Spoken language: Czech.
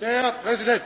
Der Präsident!